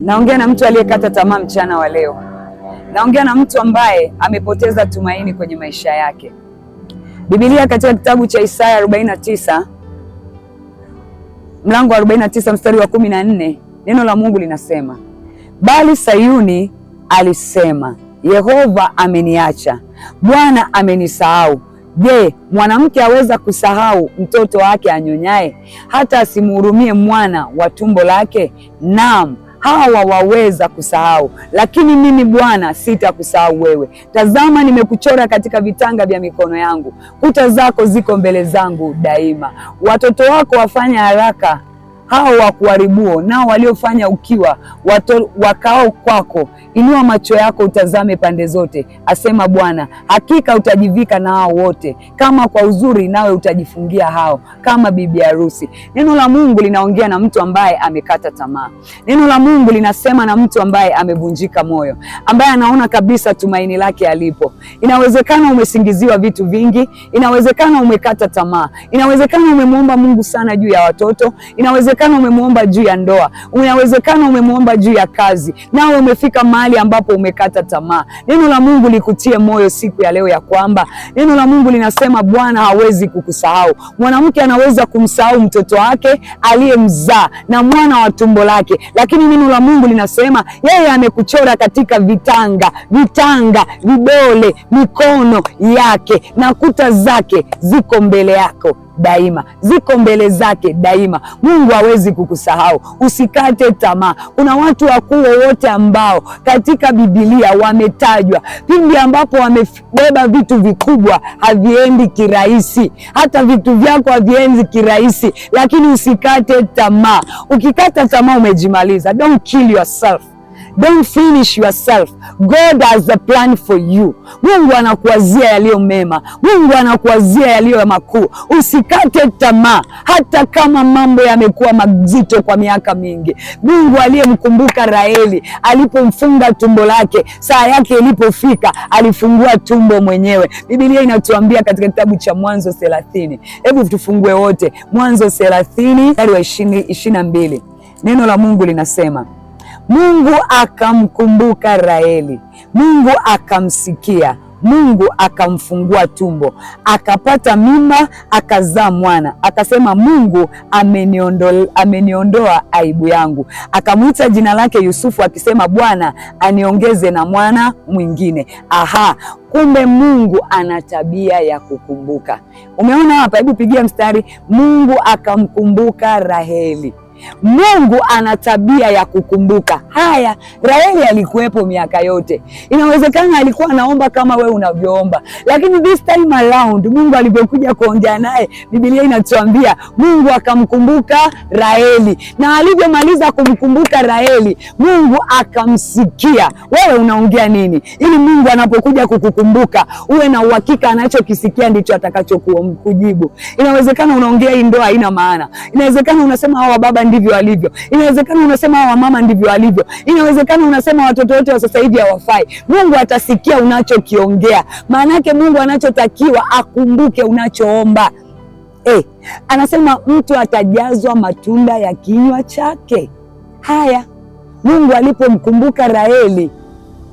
Naongea na mtu aliyekata tamaa mchana wa leo. Naongea na mtu ambaye amepoteza tumaini kwenye maisha yake. Biblia katika kitabu cha Isaya 49 mlango wa 49 mstari wa 14, neno la Mungu linasema, bali Sayuni alisema, Yehova ameniacha, Bwana amenisahau. Je, mwanamke aweza kusahau mtoto wake anyonyaye, hata asimhurumie mwana wa tumbo lake? Naam, hawa waweza kusahau, lakini mimi Bwana sitakusahau wewe. Tazama, nimekuchora katika vitanga vya mikono yangu, kuta zako ziko mbele zangu daima. Watoto wako wafanya haraka hao wakuharibuo, nao waliofanya ukiwa wato, wakao kwako. Inua macho yako utazame pande zote, asema Bwana. Hakika utajivika na hao wote, kama kwa uzuri, nawe utajifungia hao kama bibi harusi. Neno la Mungu linaongea na mtu ambaye amekata tamaa. Neno la Mungu linasema na mtu ambaye amevunjika moyo, ambaye anaona kabisa tumaini lake alipo. Inawezekana umesingiziwa vitu vingi, inawezekana umekata tamaa, inawezekana umemwomba Mungu sana juu ya watoto, inawezekana Inawezekana umemwomba juu ya ndoa, inawezekana umemwomba juu ya kazi, nawe umefika mahali ambapo umekata tamaa. Neno la Mungu likutie moyo siku ya leo ya kwamba neno la Mungu linasema Bwana hawezi kukusahau. Mwanamke anaweza kumsahau mtoto wake aliyemzaa na mwana wa tumbo lake, lakini neno la Mungu linasema yeye amekuchora katika vitanga, vitanga, vidole, mikono yake na kuta zake ziko mbele yako daima, ziko mbele zake daima. Mungu hawezi kukusahau, usikate tamaa. Kuna watu wakuu wote ambao katika Biblia wametajwa, pindi ambapo wamebeba vitu vikubwa haviendi kirahisi, hata vitu vyako haviendi kirahisi, lakini usikate tamaa. Ukikata tamaa umejimaliza. Don't kill yourself. Don't finish yourself. God has a plan for you. Mungu anakuwazia yaliyo mema, Mungu anakuwazia yaliyo makuu. Usikate tamaa, hata kama mambo yamekuwa mazito kwa miaka mingi. Mungu aliyemkumbuka Raheli alipomfunga tumbo lake, saa yake ilipofika alifungua tumbo mwenyewe. Biblia inatuambia katika kitabu cha Mwanzo thelathini. Hebu tufungue wote Mwanzo thelathini mstari wa ishirini na mbili. Neno la Mungu linasema Mungu akamkumbuka Raheli, Mungu akamsikia, Mungu akamfungua tumbo, akapata mimba, akazaa mwana. Akasema, Mungu ameniondo, ameniondoa aibu yangu. Akamwita jina lake Yusufu akisema, Bwana aniongeze na mwana mwingine. Aha, kumbe Mungu ana tabia ya kukumbuka. Umeona hapa? Hebu pigia mstari, Mungu akamkumbuka Raheli. Mungu ana tabia ya kukumbuka haya. Raheli alikuwepo miaka yote, inawezekana alikuwa anaomba kama wewe unavyoomba, lakini this time around Mungu alivyokuja kuongea naye, Biblia inatuambia Mungu akamkumbuka Raheli, na alivyomaliza kumkumbuka Raheli, Mungu akamsikia. Wewe unaongea nini? Ili Mungu anapokuja kukukumbuka uwe na uhakika anachokisikia ndicho atakachokujibu. Inawezekana unaongea hii ndoa haina maana, inawezekana unasema hawa baba ndivyo alivyo. Inawezekana unasema hawa mama ndivyo alivyo. Inawezekana unasema watoto wote wa sasa hivi hawafai. Mungu atasikia unachokiongea, maanake Mungu anachotakiwa akumbuke unachoomba. Eh, anasema mtu atajazwa matunda ya kinywa chake. Haya, Mungu alipomkumbuka Raheli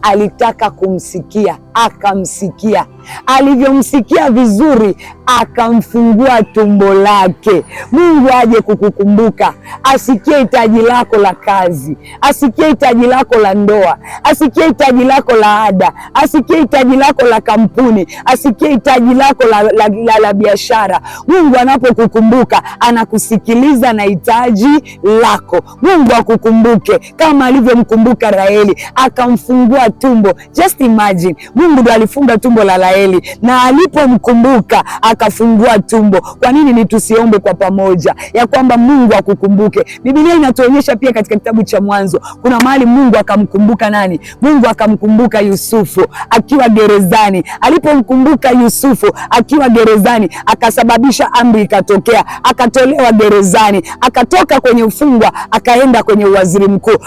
alitaka kumsikia akamsikia. Alivyomsikia vizuri, akamfungua tumbo lake. Mungu aje kukukumbuka, asikie hitaji lako la kazi, asikie hitaji lako la ndoa, asikie hitaji lako la ada, asikie hitaji lako la kampuni, asikie hitaji lako la, la, la, la, biashara. Mungu anapokukumbuka anakusikiliza na hitaji lako. Mungu akukumbuke kama alivyomkumbuka Raheli, akamfungua tumbo. Just imagine Mungu Mungu ndo alifunga tumbo la Raheli na alipomkumbuka akafungua tumbo. Kwa nini ni tusiombe kwa pamoja ya kwamba Mungu akukumbuke? Biblia inatuonyesha pia katika kitabu cha Mwanzo kuna mahali Mungu akamkumbuka nani? Mungu akamkumbuka Yusufu akiwa gerezani. Alipomkumbuka Yusufu akiwa gerezani, akasababisha amri ikatokea, akatolewa gerezani, akatoka kwenye ufungwa, akaenda kwenye uwaziri mkuu.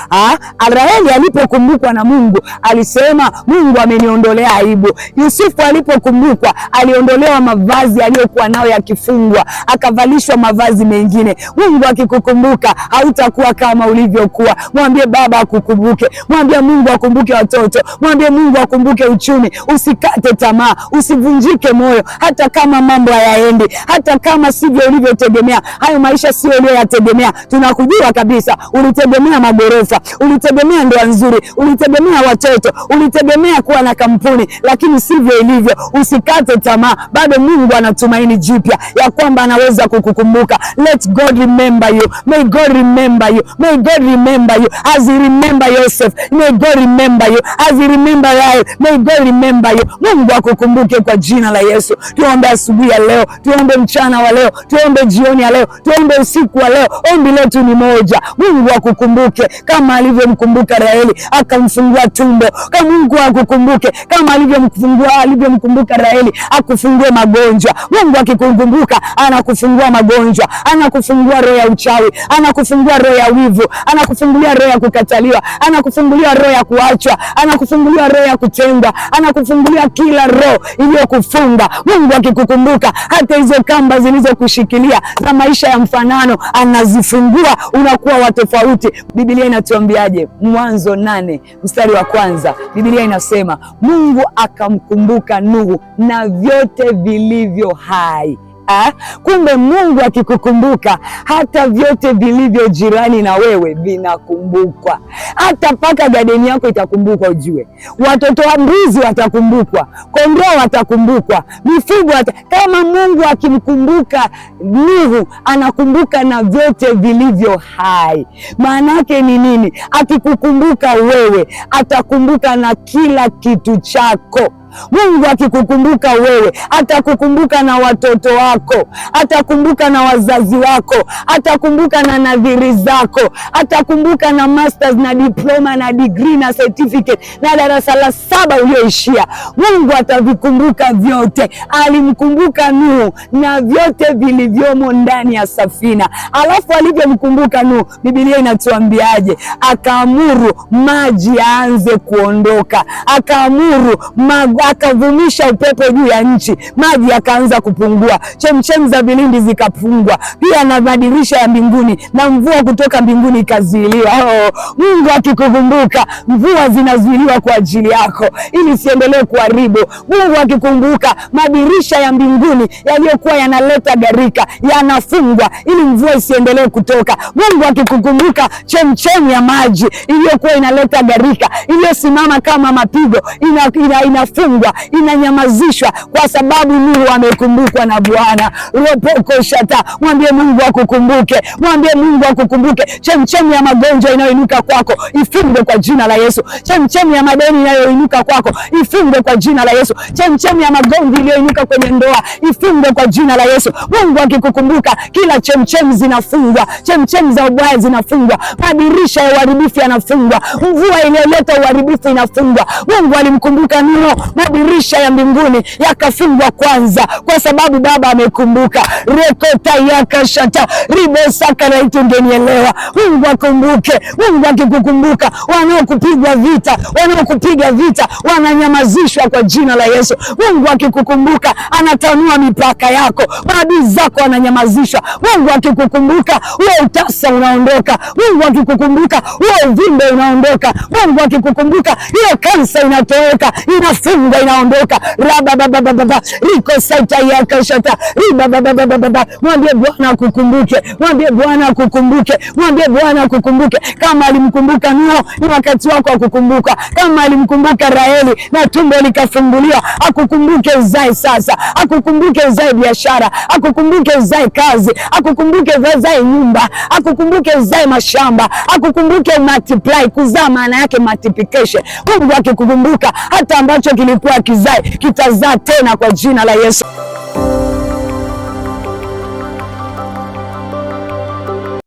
Raheli alipokumbukwa na Mungu alisema, Mungu ameniondolea bila aibu. Yusufu alipokumbukwa aliondolewa mavazi aliyokuwa nayo ya kifungwa, akavalishwa mavazi mengine. Mungu akikukumbuka hautakuwa kama ulivyokuwa. Mwambie Baba akukumbuke, mwambie Mungu akumbuke watoto, mwambie Mungu akumbuke uchumi. Usikate tamaa, usivunjike moyo, hata kama mambo hayaendi, hata kama sivyo ulivyotegemea. Hayo maisha sio uliyoyategemea, tunakujua kabisa. Ulitegemea magorofa, ulitegemea ndoa nzuri, ulitegemea watoto, ulitegemea kuwa na kampuni ulimwenguni, lakini sivyo ilivyo. Usikate tamaa, bado Mungu ana tumaini jipya ya kwamba anaweza kukukumbuka. Let God remember you, may God remember you, may God remember you as he remember Joseph, may God remember you as he remember Rahel, may God remember you. Mungu akukumbuke kwa jina la Yesu. Tuombe asubuhi ya leo, tuombe mchana wa leo, tuombe jioni ya leo, tuombe usiku wa leo. Ombi letu ni moja, Mungu akukumbuke kama alivyomkumbuka Raheli akamfungua tumbo. Kama Mungu akukumbuke kama kama alivyomfungua alivyomkumbuka Raheli, akufungue magonjwa. Mungu akikukumbuka anakufungua magonjwa, anakufungua roho ya uchawi, anakufungua roho ya wivu, anakufungulia roho ya kukataliwa, anakufungulia roho ya kuachwa, anakufungulia roho ya kutengwa, anakufungulia kila roho iliyokufunga. Mungu akikukumbuka hata hizo kamba zilizokushikilia za maisha ya mfanano anazifungua, unakuwa wa tofauti. Biblia inatuambiaje? Mwanzo nane mstari wa kwanza Biblia inasema Mungu Mungu akamkumbuka Nuhu na vyote vilivyo hai. Eh? kumbe Mungu akikukumbuka hata vyote vilivyo jirani na wewe vinakumbukwa, hata mpaka gadeni yako itakumbukwa. Ujue watoto wa mbuzi watakumbukwa, kondoo watakumbukwa, mifugo wata... kama Mungu akimkumbuka Nuhu anakumbuka na vyote vilivyo hai. Maana yake ni nini? Akikukumbuka wewe atakumbuka na kila kitu chako. Mungu akikukumbuka wewe, atakukumbuka na watoto wako, atakumbuka na wazazi wako, atakumbuka na nadhiri zako, atakumbuka na masters na diploma na degree na certificate na darasa la saba ulioishia. Mungu atavikumbuka vyote. Alimkumbuka Nuhu na vyote vilivyomo ndani ya safina. Alafu alivyomkumbuka Nuhu, Biblia inatuambiaje? Akaamuru maji yaanze kuondoka, akaamuru mag baada akavumisha upepo juu ya nchi, maji yakaanza kupungua, chemchem za vilindi zikafungwa, pia na madirisha ya mbinguni, na mvua kutoka mbinguni ikazuiliwa. Oh, Mungu akikukumbuka, mvua zinazuiliwa kwa ajili yako ili siendelee kuharibu. Mungu akikumbuka, madirisha ya mbinguni yaliyokuwa yanaleta gharika yanafungwa ili mvua isiendelee kutoka. Mungu akikukumbuka, chemchem ya maji iliyokuwa inaleta gharika iliyosimama kama mapigo ina, ina, inafungwa inapingwa, inanyamazishwa kwa sababu Nuhu amekumbukwa na Bwana. Ropoko shata, mwambie Mungu akukumbuke, mwambie Mungu akukumbuke. Chemchemi ya magonjwa inayoinuka kwako ifungwe kwa jina la Yesu. Chemchemi ya madeni inayoinuka kwako ifungwe kwa jina la Yesu. Chemchemi ya magomvi iliyoinuka kwenye ndoa ifungwe kwa jina la Yesu. Mungu akikukumbuka, kila chemchemi zinafungwa, chemchemi za ubaya zinafungwa, madirisha ya uharibifu yanafungwa, mvua iliyoleta uharibifu inafungwa. Mungu alimkumbuka Nuhu madirisha ya mbinguni yakafungwa kwanza, kwa sababu Baba amekumbuka. rekota yakashata ribosakaraiti ndenielewa. Mungu akumbuke. Mungu akikukumbuka, wanaokupigwa vita, wanaokupiga vita wananyamazishwa kwa jina la Yesu. Mungu akikukumbuka, anatanua mipaka yako, maadui zako wananyamazishwa. Mungu akikukumbuka, huo utasa unaondoka. Mungu akikukumbuka, huo uvimbe unaondoka. Mungu akikukumbuka, hiyo kansa inatoweka, inafungwa Mungu inaondoka. Rabababababa riko saita yakashata ribababababa. Mwambie Bwana akukumbuke, mwambie Bwana akukumbuke, mwambie Bwana akukumbuke. Kama alimkumbuka Nuhu, ni wakati wako akukumbuka. Kama alimkumbuka Raheli na tumbo likafumbuliwa, akukumbuke uzae sasa, akukumbuke uzae biashara, akukumbuke uzae kazi, akukumbuke uzae nyumba, akukumbuke uzae mashamba, akukumbuke multiply. Kuzaa maana yake multiplication. Mungu akikukumbuka hata ambacho kili alichokuwa kizae, kitazaa tena kwa jina la Yesu.